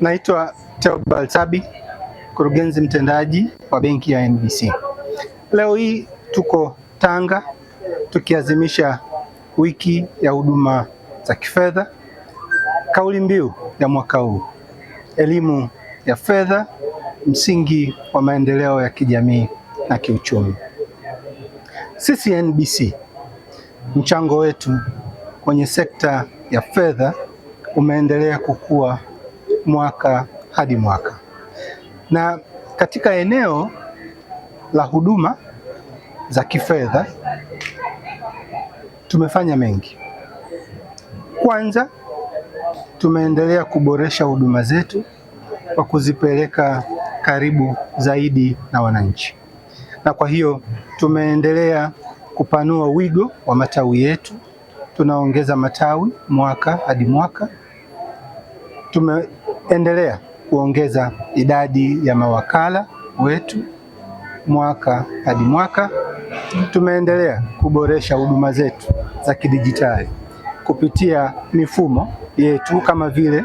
Naitwa Theobald Sabi, mkurugenzi mtendaji wa benki ya NBC. Leo hii tuko Tanga tukiazimisha wiki ya huduma za kifedha. Kauli mbiu ya mwaka huu elimu ya fedha, msingi wa maendeleo ya kijamii na kiuchumi. Sisi NBC, mchango wetu kwenye sekta ya fedha umeendelea kukua mwaka hadi mwaka, na katika eneo la huduma za kifedha tumefanya mengi. Kwanza, tumeendelea kuboresha huduma zetu kwa kuzipeleka karibu zaidi na wananchi, na kwa hiyo tumeendelea kupanua wigo wa matawi yetu. Tunaongeza matawi mwaka hadi mwaka tume endelea kuongeza idadi ya mawakala wetu mwaka hadi mwaka. Tumeendelea kuboresha huduma zetu za kidijitali kupitia mifumo yetu kama vile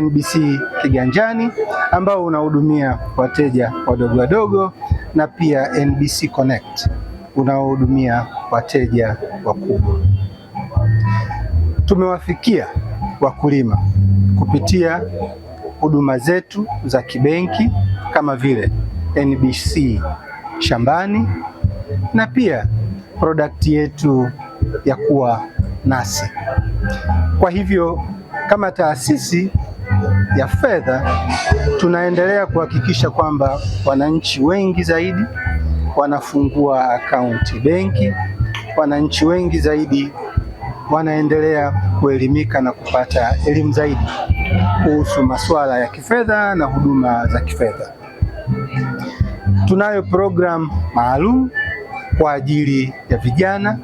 NBC Kiganjani ambao unahudumia wateja wadogo wadogo na pia NBC Connect unaohudumia wateja wakubwa. Tumewafikia wakulima kupitia huduma zetu za kibenki kama vile NBC shambani na pia product yetu ya kuwa nasi. Kwa hivyo kama taasisi ya fedha tunaendelea kuhakikisha kwamba wananchi wengi zaidi wanafungua akaunti benki, wananchi wengi zaidi wanaendelea kuelimika na kupata elimu zaidi kuhusu masuala ya kifedha na huduma za kifedha. Tunayo program maalum kwa ajili ya vijana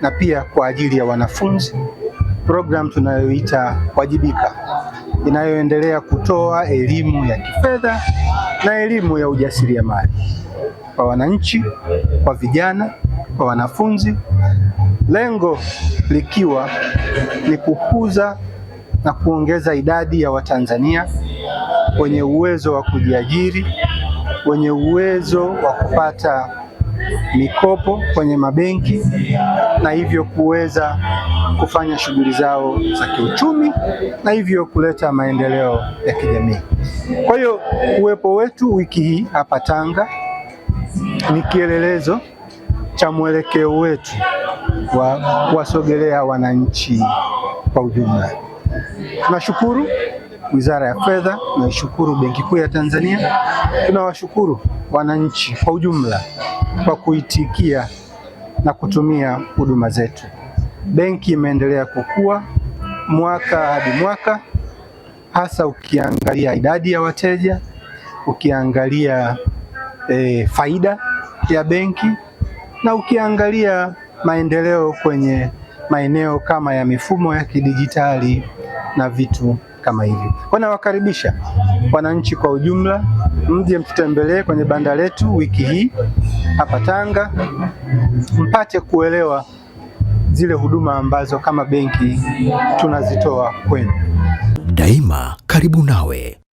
na pia kwa ajili ya wanafunzi, program tunayoita Wajibika inayoendelea kutoa elimu ya kifedha na elimu ya ujasiriamali kwa wananchi, kwa vijana, kwa wanafunzi, lengo likiwa ni kukuza na kuongeza idadi ya Watanzania wenye uwezo wa kujiajiri, wenye uwezo wa kupata mikopo kwenye mabenki na hivyo kuweza kufanya shughuli zao za kiuchumi na hivyo kuleta maendeleo ya kijamii. Kwa hiyo uwepo wetu wiki hii hapa Tanga ni kielelezo cha mwelekeo wetu wa kuwasogelea wananchi kwa ujumla. Tunashukuru Wizara ya Fedha, tunashukuru Benki Kuu ya Tanzania, tunawashukuru wananchi kwa ujumla kwa kuitikia na kutumia huduma zetu. Benki imeendelea kukua mwaka hadi mwaka, hasa ukiangalia idadi ya wateja, ukiangalia e, faida ya benki na ukiangalia maendeleo kwenye maeneo kama ya mifumo ya kidijitali na vitu kama hivi. Kwa nawakaribisha wananchi kwa ujumla, mje mtutembelee kwenye banda letu wiki hii hapa Tanga, mpate kuelewa zile huduma ambazo kama benki tunazitoa kwenu. Daima karibu nawe.